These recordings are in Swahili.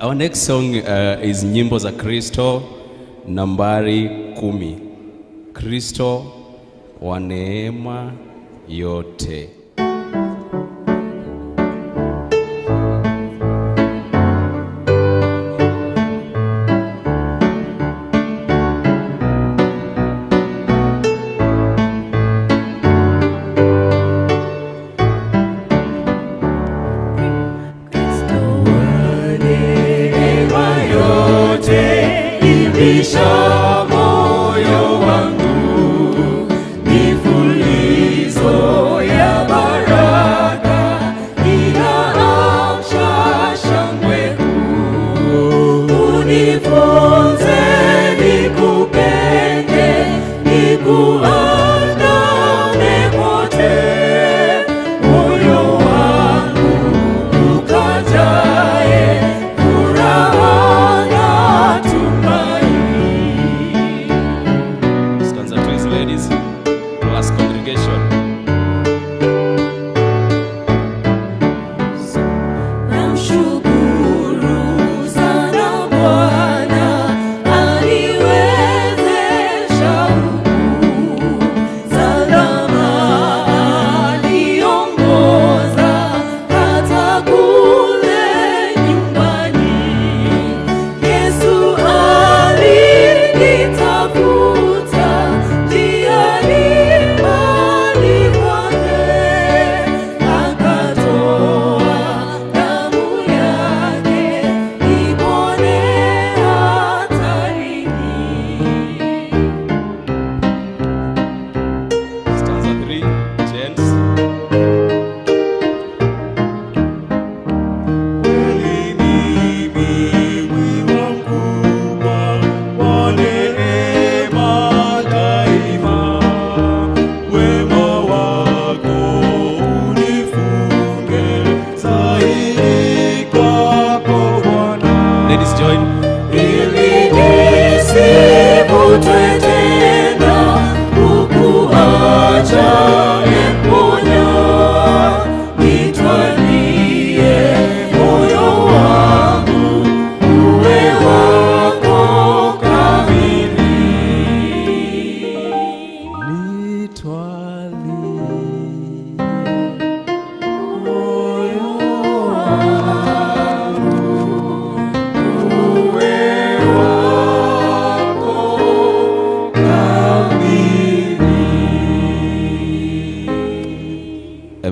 Our next song uh, is Nyimbo za Kristo nambari kumi. Kristo wa neema yote. chão.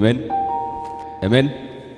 Amen. Amen.